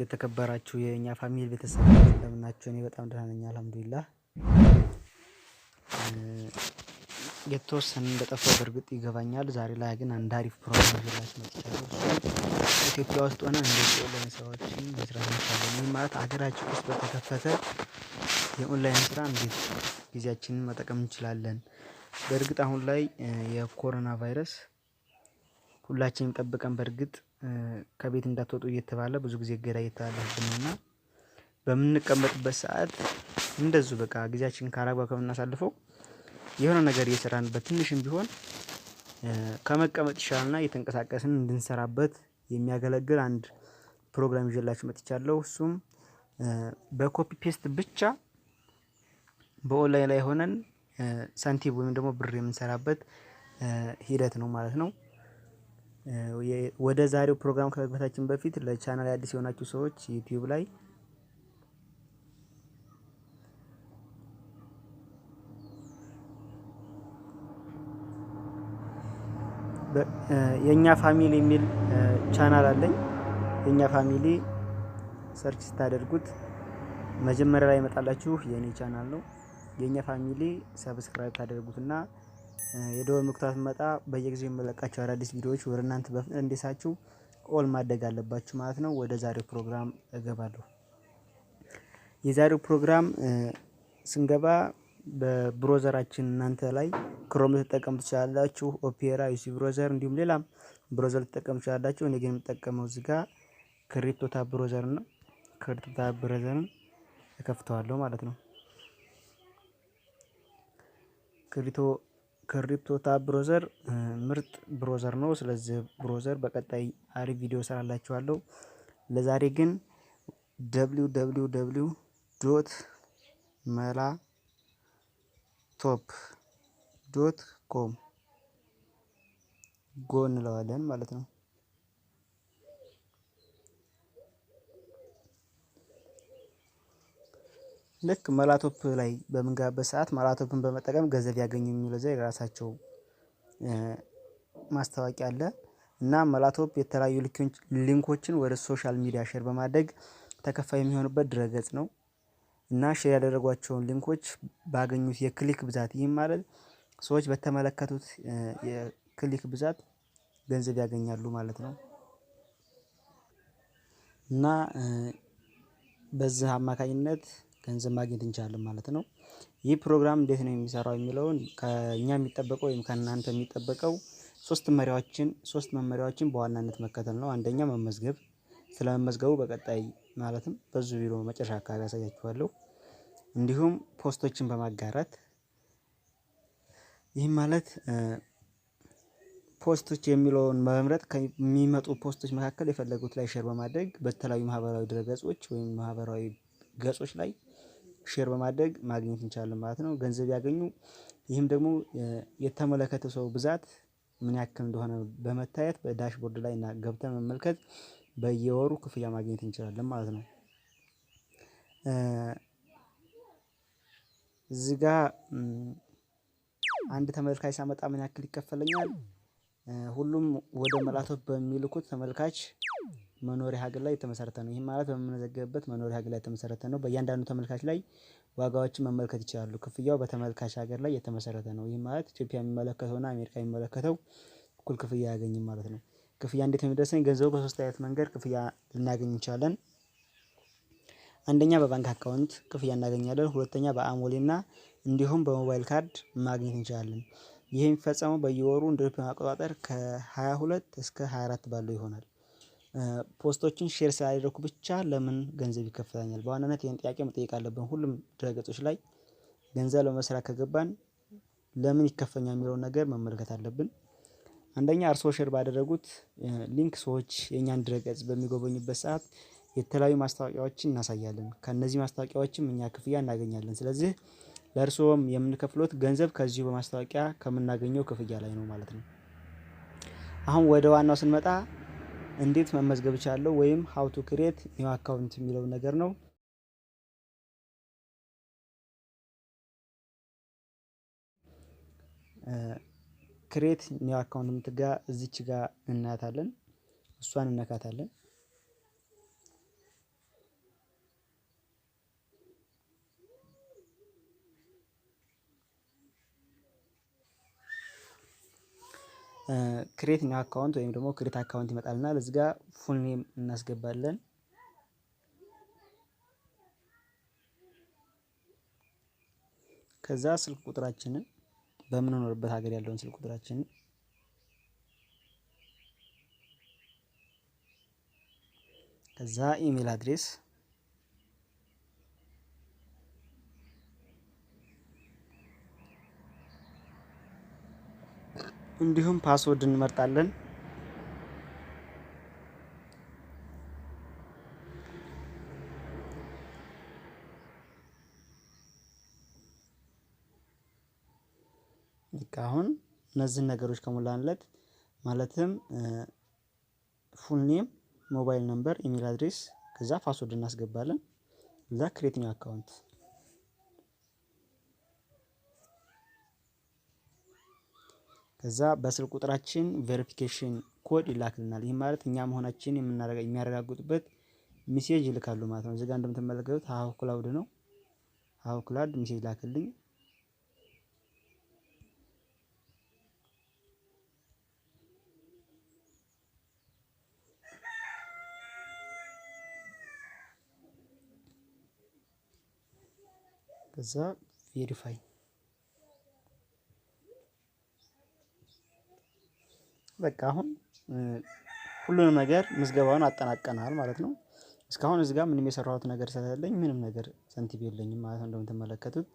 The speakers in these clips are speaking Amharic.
ውድ የተከበራችሁ የእኛ ፋሚሊ ቤተሰብ እንደምናችሁ? እኔ በጣም ደህና ነኝ፣ አልሐምዱሊላህ። የተወሰነ እንደጠፋው በእርግጥ ይገባኛል። ዛሬ ላይ ግን አንድ አሪፍ ፕሮግራም ይዤላችሁ መጥቻለሁ። ኢትዮጵያ ውስጥ ሆነ እንዴት ኦንላይን ስራዎችን መስራት እንችላለን? ይህ ማለት ሀገራችን ውስጥ በተከፈተ የኦንላይን ስራ እንዴት ጊዜያችንን መጠቀም እንችላለን? በእርግጥ አሁን ላይ የኮሮና ቫይረስ ሁላችንም ጠብቀን በእርግጥ ከቤት እንዳትወጡ እየተባለ ብዙ ጊዜ እገዳ እየተላለፍብን እና በምንቀመጥበት ሰዓት እንደዙ በቃ ጊዜያችን ካላግባብ ከምናሳልፈው የሆነ ነገር እየሰራን በትንሽም ቢሆን ከመቀመጥ ይሻልና እየተንቀሳቀስን እንድንሰራበት የሚያገለግል አንድ ፕሮግራም ይዤላችሁ መጥቻለሁ። እሱም በኮፒ ፔስት ብቻ በኦንላይን ላይ ሆነን ሳንቲም ወይም ደግሞ ብር የምንሰራበት ሂደት ነው ማለት ነው። ወደ ዛሬው ፕሮግራም ከመግባታችን በፊት ለቻናል አዲስ የሆናችሁ ሰዎች ዩቲዩብ ላይ የእኛ ፋሚሊ የሚል ቻናል አለኝ። የእኛ ፋሚሊ ሰርች ስታደርጉት መጀመሪያ ላይ ይመጣላችሁ የእኔ ቻናል ነው። የእኛ ፋሚሊ ሰብስክራይብ ታደርጉትና የደወል ምክቷ መጣ በየጊዜው የምለቃቸው አዳዲስ ቪዲዮዎች ወደ እናንተ በፍጥነት እንዲሳችሁ ኦል ማደግ አለባችሁ ማለት ነው። ወደ ዛሬው ፕሮግራም እገባለሁ። የዛሬው ፕሮግራም ስንገባ በብሮዘራችን እናንተ ላይ ክሮም ልትጠቀሙ ትችላላችሁ፣ ኦፔራ፣ ዩሲ ብሮዘር እንዲሁም ሌላም ብሮዘር ልትጠቀሙ ትችላላችሁ። እኔ ግን የምጠቀመው እዚጋ ጋር ክሪፕቶታ ብሮዘር ነው። ክሪፕቶታ ብሮዘርን እከፍተዋለሁ ማለት ነው። ክሪፕቶ ታብ ብሮዘር ምርጥ ብሮዘር ነው። ስለዚህ ብሮዘር በቀጣይ አሪፍ ቪዲዮ ሰራላችኋለሁ። ለዛሬ ግን ደብሊው ደብሊው ደብሊው ዶት መላ ቶፕ ዶት ኮም ጎ እንለዋለን ማለት ነው። ልክ መላቶፕ ላይ በምንገባበት ሰዓት መላቶፕን በመጠቀም ገንዘብ ያገኙ የሚለው እዛ የራሳቸው ማስታወቂያ አለ እና መላቶፕ የተለያዩ ሊንኮችን ወደ ሶሻል ሚዲያ ሼር በማድረግ ተከፋይ የሚሆኑበት ድረገጽ ነው። እና ሼር ያደረጓቸውን ሊንኮች ባገኙት የክሊክ ብዛት ይህም ማለት ሰዎች በተመለከቱት የክሊክ ብዛት ገንዘብ ያገኛሉ ማለት ነው። እና በዚህ አማካኝነት ገንዘብ ማግኘት እንችላለን ማለት ነው። ይህ ፕሮግራም እንዴት ነው የሚሰራው የሚለውን ከእኛ የሚጠበቀው ወይም ከእናንተ የሚጠበቀው ሶስት መሪያዎችን ሶስት መመሪያዎችን በዋናነት መከተል ነው። አንደኛ መመዝገብ፣ ስለመመዝገቡ በቀጣይ ማለትም በዙ ቢሮ መጨረሻ አካባቢ ያሳያችኋለሁ። እንዲሁም ፖስቶችን በማጋራት ይህም ማለት ፖስቶች የሚለውን በመምረጥ ከሚመጡ ፖስቶች መካከል የፈለጉት ላይ ሼር በማድረግ በተለያዩ ማህበራዊ ድረገጾች ወይም ማህበራዊ ገጾች ላይ ሼር በማድረግ ማግኘት እንችላለን ማለት ነው። ገንዘብ ያገኙ። ይህም ደግሞ የተመለከተ ሰው ብዛት ምን ያክል እንደሆነ በመታየት በዳሽቦርድ ላይ እና ገብተን መመልከት በየወሩ ክፍያ ማግኘት እንችላለን ማለት ነው። እዚህ ጋ አንድ ተመልካች ሳመጣ ምን ያክል ይከፈለኛል? ሁሉም ወደ መላቶት በሚልኩት ተመልካች መኖሪያ ሀገር ላይ የተመሰረተ ነው። ይህ ማለት በምንመዘገብበት መኖሪያ ሀገር ላይ የተመሰረተ ነው። በእያንዳንዱ ተመልካች ላይ ዋጋዎችን መመልከት ይችላሉ። ክፍያው በተመልካች ሀገር ላይ የተመሰረተ ነው። ይህ ማለት ኢትዮጵያ የሚመለከተውና አሜሪካ የሚመለከተው እኩል ክፍያ ያገኝም ማለት ነው። ክፍያ እንዴት የሚደርሰኝ? ገንዘቡ በሶስት አይነት መንገድ ክፍያ ልናገኝ እንችላለን። አንደኛ በባንክ አካውንት ክፍያ እናገኛለን። ሁለተኛ በአሞሌና እንዲሁም በሞባይል ካርድ ማግኘት እንችላለን። ይህ የሚፈጸመው በየወሩ እንደ አውሮፓውያን አቆጣጠር ከ22 እስከ 24 ባለው ይሆናል። ፖስቶችን ሼር ስላደረኩ ብቻ ለምን ገንዘብ ይከፈለኛል? በዋናነት ይህን ጥያቄ መጠየቅ አለብን። ሁሉም ድረገጾች ላይ ገንዘብ ለመስራት ከገባን ለምን ይከፈኛል የሚለውን ነገር መመልከት አለብን። አንደኛ እርሶ ሼር ባደረጉት ሊንክ ሰዎች የኛን ድረ ገጽ በሚጎበኙበት ሰዓት የተለያዩ ማስታወቂያዎችን እናሳያለን ከእነዚህ ማስታወቂያዎችም እኛ ክፍያ እናገኛለን። ስለዚህ ለእርስዎም የምንከፍሎት ገንዘብ ከዚሁ በማስታወቂያ ከምናገኘው ክፍያ ላይ ነው ማለት ነው። አሁን ወደ ዋናው ስንመጣ እንዴት መመዝገብ እችላለሁ ወይም ሀው ቱ ክሬት ኒው አካውንት የሚለው ነገር ነው። ክሬት ኒው አካውንት የምትጋ እዚች ጋር እናያታለን። እሷን እነካታለን። ክሬት ኒው አካውንት ወይም ደግሞ ክሬት አካውንት ይመጣልና ለዚህ ጋ ፉል ኔም እናስገባለን። ከዛ ስልክ ቁጥራችንን በምንኖርበት ሀገር ያለውን ስልክ ቁጥራችንን ከዛ ኢሜል አድሬስ እንዲሁም ፓስወርድ እንመርጣለን። አሁን እነዚህን ነገሮች ከሞላንለት ማለትም ፉል ኔም፣ ሞባይል ነምበር፣ ኢሜል አድሬስ ከዛ ፓስወርድ እናስገባለን። እዛ ክሬት ኒው አካውንት ከዛ በስልክ ቁጥራችን ቬሪፊኬሽን ኮድ ይላክልናል። ይህ ማለት እኛ መሆናችን የሚያረጋግጡበት ሚሴጅ ይልካሉ ማለት ነው። እዚጋ እንደምትመለከቱት ሀሁ ክላውድ ነው። ሀሁ ክላውድ ሚሴጅ ላክልኝ። ከዛ ቬሪፋይ በቃ አሁን ሁሉንም ነገር ምዝገባውን አጠናቀናል ማለት ነው። እስካሁን እዚህ ጋር ምንም የሰራሁት ነገር ስለሌለኝ ምንም ነገር ሳንቲም የለኝም ማለት ነው እንደምትመለከቱት።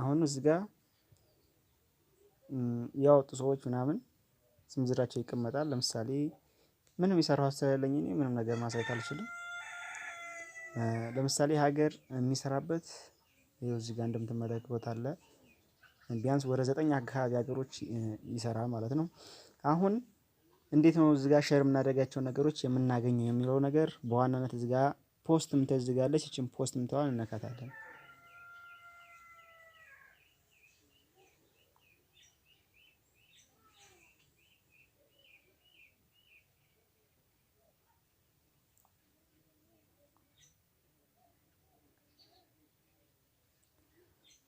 አሁን እዚህ ጋር ያወጡ ሰዎች ምናምን ስም ዝርዝራቸው ይቀመጣል። ለምሳሌ ምንም የሰራሁት ስለሌለኝ እኔ ምንም ነገር ማሳየት አልችልም። ለምሳሌ ሀገር የሚሰራበት ይኸው እዚህ ጋር እንደምትመለከቱት አለ ቢያንስ ወደ ዘጠኝ አካባቢ ሀገሮች ይሰራል ማለት ነው። አሁን እንዴት ነው እዚጋ ሸር የምናደርጋቸው ነገሮች የምናገኘው የሚለው ነገር በዋናነት እዚጋ ፖስት የምትል እዚህ ፖስት ምተዋል እነካታለን።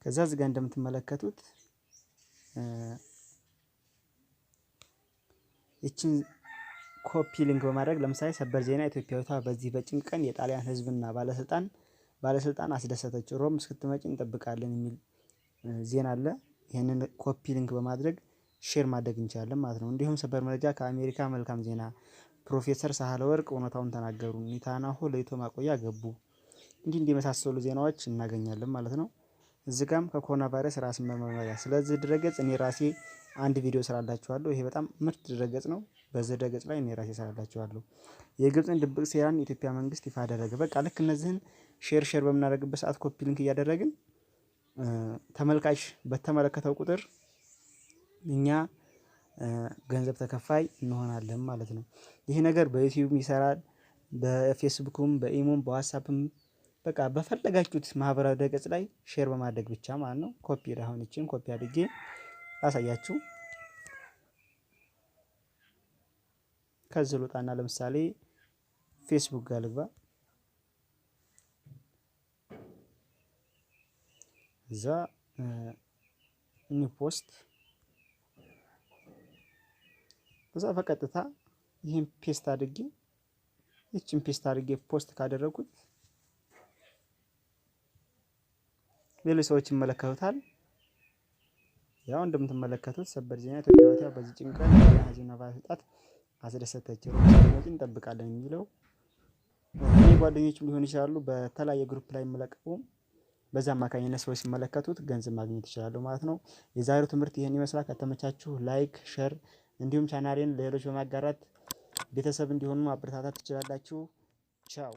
ከዛ እዚህ ጋር እንደምትመለከቱት ይችን ኮፒ ሊንክ በማድረግ ለምሳሌ ሰበር ዜና ኢትዮጵያዊቷ በዚህ በጭንቅ ቀን የጣሊያን ህዝብና ባለስልጣን ባለስልጣን አስደሰተች፣ ሮም እስክትመጪ እንጠብቃለን የሚል ዜና አለ። ይህንን ኮፒ ሊንክ በማድረግ ሼር ማድረግ እንችላለን ማለት ነው። እንዲሁም ሰበር መረጃ ከአሜሪካ መልካም ዜና፣ ፕሮፌሰር ሳህለ ወርቅ እውነታውን ተናገሩ፣ ኔታንያሁ ለይቶ ማቆያ ገቡ፣ እንዲህ እንዲህ የመሳሰሉ ዜናዎች እናገኛለን ማለት ነው። እዚህ ጋም ከኮሮና ቫይረስ ራስን መመርመሪያ። ስለዚህ ድረገጽ እኔ ራሴ አንድ ቪዲዮ ስራላችኋለሁ። ይሄ በጣም ምርጥ ድረገጽ ነው። በዚህ ድረገጽ ላይ እኔ ራሴ ስራላችኋለሁ። የግብፅን ድብቅ ሴራን የኢትዮጵያ መንግስት ይፋ አደረገ። በቃ ልክ እነዚህን ሼር ሼር በምናደርግበት ሰዓት ኮፒ ሊንክ እያደረግን ተመልካች በተመለከተው ቁጥር እኛ ገንዘብ ተከፋይ እንሆናለን ማለት ነው። ይህ ነገር በዩቲዩብም ይሰራል፣ በፌስቡክም፣ በኢሞም፣ በዋትሳፕም በቃ በፈለጋችሁት ማህበራዊ ድረገጽ ላይ ሼር በማድረግ ብቻ ማለት ነው። ኮፒ አሁን ይችን ኮፒ አድርጌ ላሳያችሁ። ከዚህ ልውጣና ለምሳሌ ፌስቡክ ጋር ልግባ። እዛ ኒው ፖስት እዛ በቀጥታ ይህን ፔስት አድርጌ ይችን ፔስት አድርጌ ፖስት ካደረጉት ሌሎች ሰዎች ይመለከቱታል። ያው እንደምትመለከቱት ሰበር ዜና ኢትዮጵያዊቷ በዚህ ጭንቀት ህዝብና ባለስልጣት አስደሰተችው ሰዎች እንጠብቃለን የሚለው እኔ ጓደኞችም ሊሆን ይችላሉ። በተለያየ ግሩፕ ላይ የሚለቀቁ በዛ አማካኝነት ሰዎች ሲመለከቱት ገንዘብ ማግኘት ይችላሉ ማለት ነው። የዛሬው ትምህርት ይህን ይመስላል። ከተመቻችሁ ላይክ፣ ሸር እንዲሁም ቻናሌን ለሌሎች በማጋራት ቤተሰብ እንዲሆኑ ማበረታታት ትችላላችሁ። ቻው